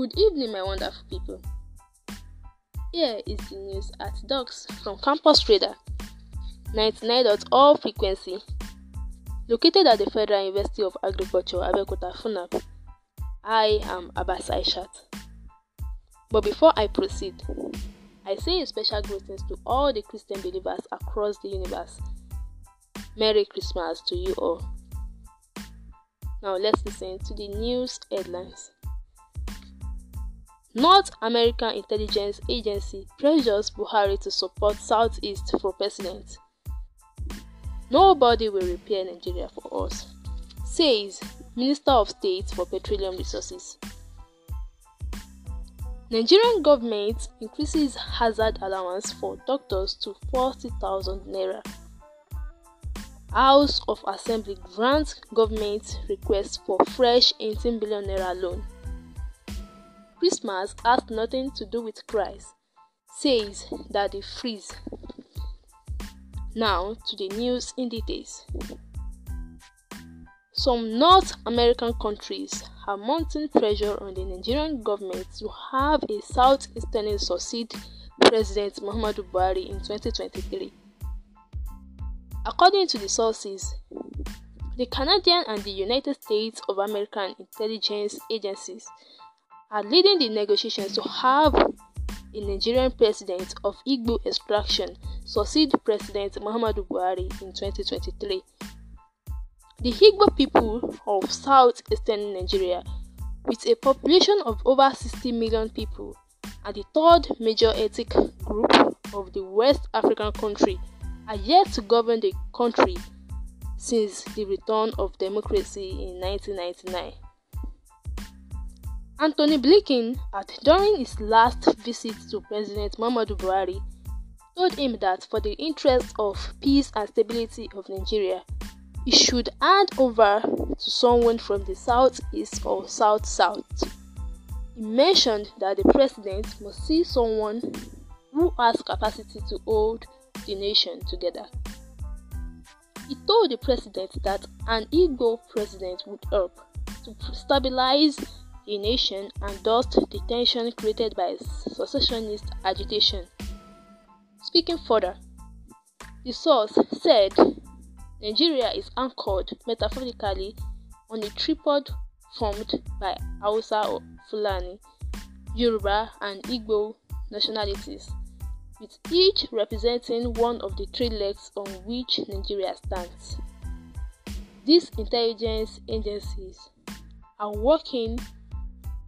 Good evening, my wonderful people. Here is the news at Docs from Campus Radar 99.all frequency. Located at the Federal University of Agriculture, Abeokuta, Funab, I am Abbas Aishat. But before I proceed, I say a special greetings to all the Christian believers across the universe. Merry Christmas to you all. Now let's listen to the news headlines. North American Intelligence Agency pressures Buhari to support Southeast for president. Nobody will repair Nigeria for us, says Minister of State for Petroleum Resources. Nigerian government increases hazard allowance for doctors to 40,000 naira. House of Assembly grants government request for fresh 18 billion naira loan. Christmas has nothing to do with Christ, says Daddy Freeze. Now to the news in details. Some North American countries are mounting pressure on the Nigerian government to have a southeastern succeed President Muhammadu Buhari in 2023. According to the sources, the Canadian and the United States of American intelligence agencies are leading the negotiations to have a Nigerian president of Igbo extraction succeed President Muhammadu Buhari in 2023. The Igbo people of southeastern Nigeria, with a population of over 60 million people, are the third major ethnic group of the West African country, are yet to govern the country since the return of democracy in 1999. Anthony Blinken, at, during his last visit to President Muhammadu Buhari, told him that for the interests of peace and stability of Nigeria, he should hand over to someone from the southeast or south south. He mentioned that the president must see someone who has capacity to hold the nation together. He told the president that an Igbo president would help to stabilize the nation and thus the tension created by secessionist agitation. Speaking further, the source said Nigeria is anchored metaphorically on a tripod formed by Hausa, Fulani, Yoruba, and Igbo nationalities, with each representing one of the three legs on which Nigeria stands. These intelligence agencies are working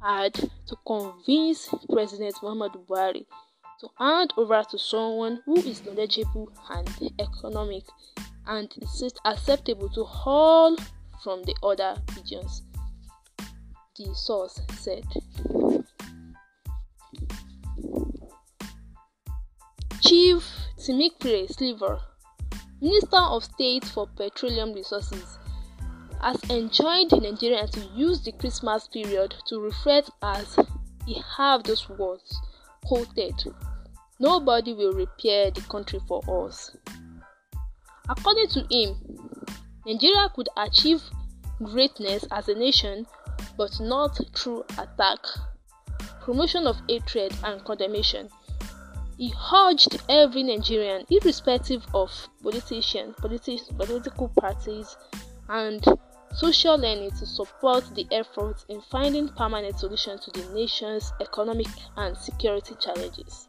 had to convince President Muhammadu Buhari to hand over to someone who is knowledgeable and economic and is acceptable to all from the other regions, the source said. Chief Timikre Sliver, Minister of State for Petroleum Resources, has enjoined Nigerians to use the Christmas period to reflect as he have those words quoted. Nobody will repair the country for us. According to him, Nigeria could achieve greatness as a nation, but not through attack, promotion of hatred, and condemnation. He urged every Nigerian, irrespective of politician, politi- political parties, and Social learning to support the efforts in finding permanent solutions to the nation's economic and security challenges.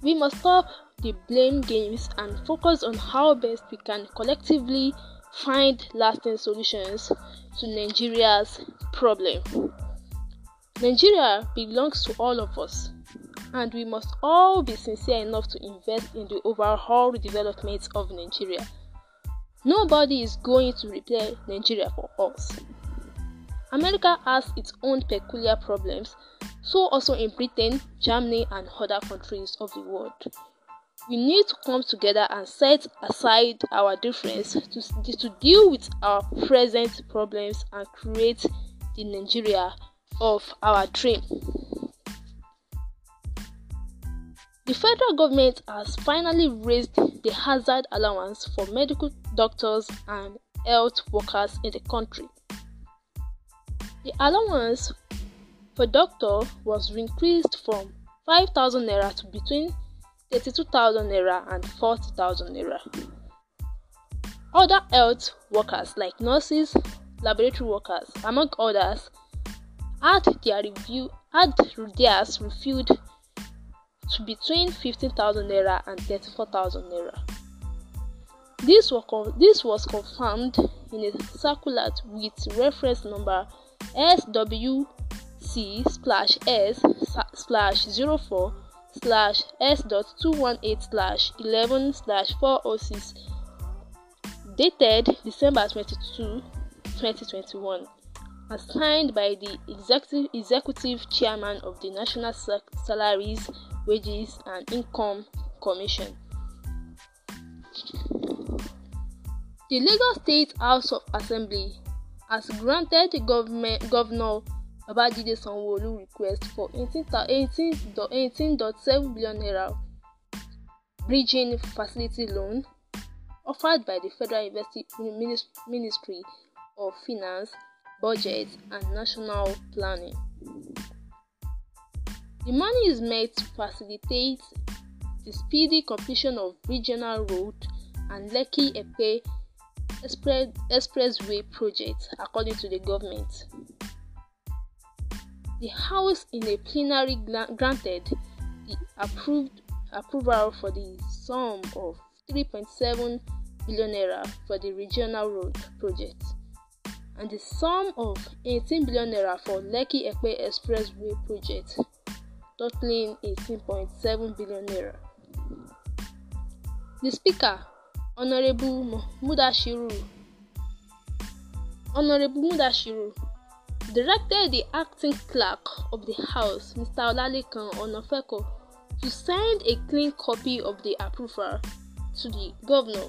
We must stop the blame games and focus on how best we can collectively find lasting solutions to Nigeria's problem. Nigeria belongs to all of us, and we must all be sincere enough to invest in the overall development of Nigeria. Nobody is going to repair Nigeria for us. America has its own peculiar problems, so also in Britain, Germany, and other countries of the world. We need to come together and set aside our difference to, to deal with our present problems and create the Nigeria of our dream. The federal government has finally raised the hazard allowance for medical doctors and health workers in the country. The allowance for doctor was increased from 5,000 naira to between 32,000 naira and 40,000 naira. Other health workers like nurses, laboratory workers, among others, had their review had theirs reviewed to between 15,000 naira and 34,000 naira. This, this was confirmed in a circular with reference number SWC slash S slash 04 slash S.218 slash 11 slash 406 dated December 22, 2021 and signed by the executive, executive chairman of the National Salaries Wages and Income Commission. The Lagos State House of Assembly has granted government, Governor Babajide Sanwo-Olu request for n 18.7 billion naira bridging facility loan offered by the Federal Ministry of Finance, Budget and National Planning. The money is meant to facilitate the speedy completion of regional road and Lekki Epe expressway project, according to the government. The House, in a plenary granted the approved approval for the sum of 3.7 billion naira for the regional road project and the sum of 18 billion naira for Lekki Epe expressway project totaling 18.7 billion naira. The Speaker, Honorable Mudashiru, Honorable Mudashiru, directed the acting clerk of the House, Mr. Olalekan Onofeko, to send a clean copy of the approval to the governor.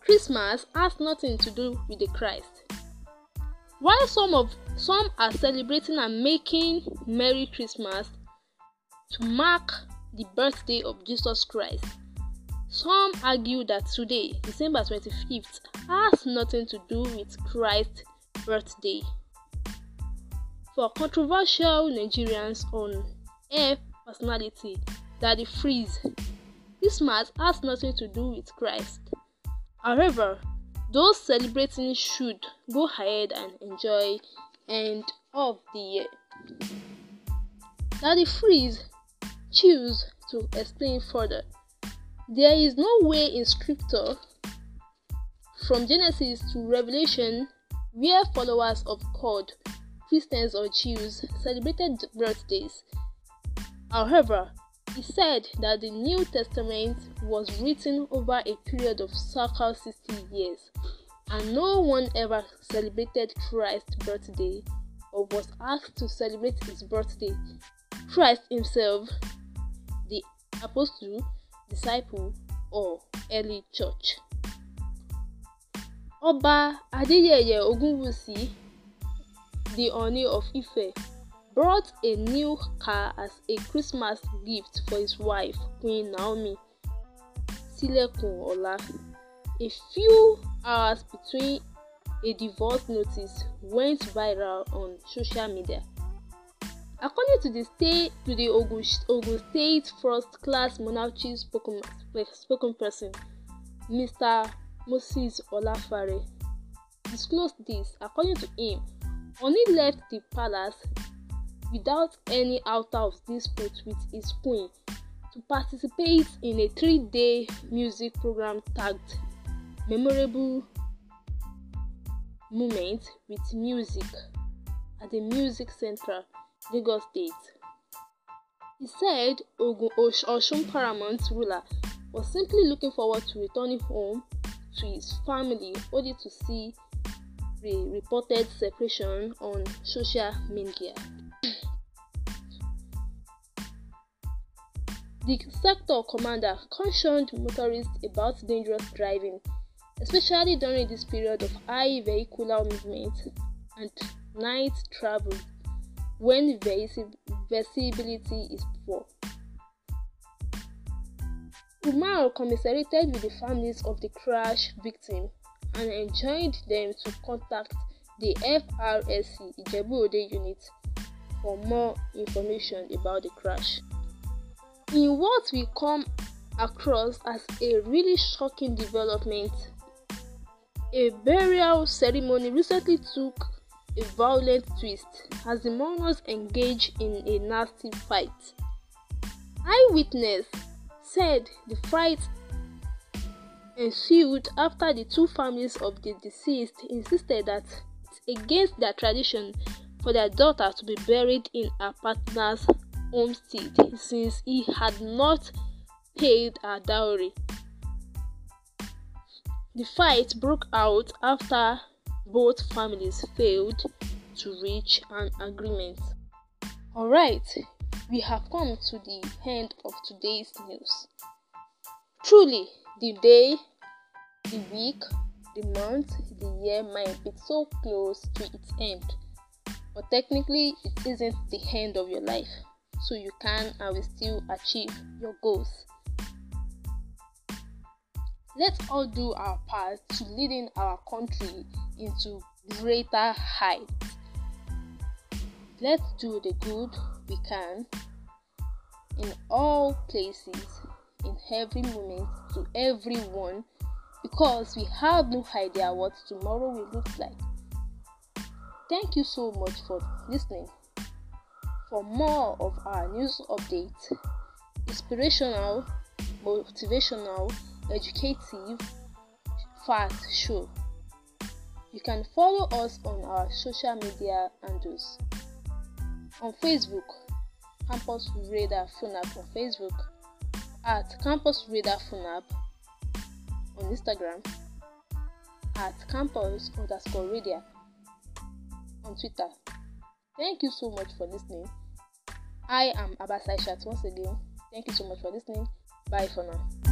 Christmas has nothing to do with the Christ. While some of some are celebrating and making Merry Christmas to mark the birthday of Jesus Christ, some argue that today, December 25th, has nothing to do with Christ's birthday. For controversial Nigerians on air personality, Daddy Freeze, Christmas has nothing to do with Christ. However, Those celebrating should go ahead and enjoy end of the year. Daddy Freeze choose to explain further. There is no way in scripture from Genesis to Revelation where followers of God, Christians or Jews, celebrated birthdays. However, He said that the New Testament was written over a period of circa 60 years, and no one ever celebrated Christ's birthday or was asked to celebrate his birthday. Christ himself, the apostle, disciple, or early church. Ọba Adéyẹyẹ Ògúnwùsì, the Ọ̀ọ̀ni of Ife, brought a new car as a Christmas gift for his wife, Queen Naomi Silekunola. A few hours between a divorce notice went viral on social media. According to the state to the Ogun, Ogun State First Class Monarchy spoken, spoken person, Mr. Moses Olafare disclosed this. According to him, Oni left the palace without any outer of dispute with his queen to participate in a three day music program tagged Memorable Moment with Music at the Music Central, Lagos State. He said Ogun Oshun Paramount ruler was simply looking forward to returning home to his family only to see the reported separation on social media. The sector commander cautioned motorists about dangerous driving, especially during this period of high vehicular movement and night travel when visibility is poor. Umar commiserated with the families of the crash victims and enjoined them to contact the FRSC Ijebu Ode unit for more information about the crash in what we come across as a really shocking development. A burial ceremony recently took a violent twist as the mourners engaged in a nasty fight. Eyewitness said the fight ensued after the two families of the deceased insisted that it's against their tradition for their daughter to be buried in her partner's homestead since he had not paid her dowry. The fight broke out after both families failed to reach an agreement. Alright, we have come to the end of today's news. Truly, the day, the week, the month, the year might be so close to its end, but technically, it isn't the end of your life so you can and will still achieve your goals. Let's all do our part to leading our country into greater heights. Let's do the good we can in all places, in every moment, to everyone, because we have no idea what tomorrow will look like. Thank you so much for listening for more of our news updates inspirational, motivational, educative, fast show. You can follow us on our social media handles. On Facebook, Campus Radar Funab on Facebook, at Campus Radar Funab on Instagram, at Campus underscore Radar on Twitter. Thank you so much for listening. I am Abbas Shat once again. Thank you so much for listening. Bye for now.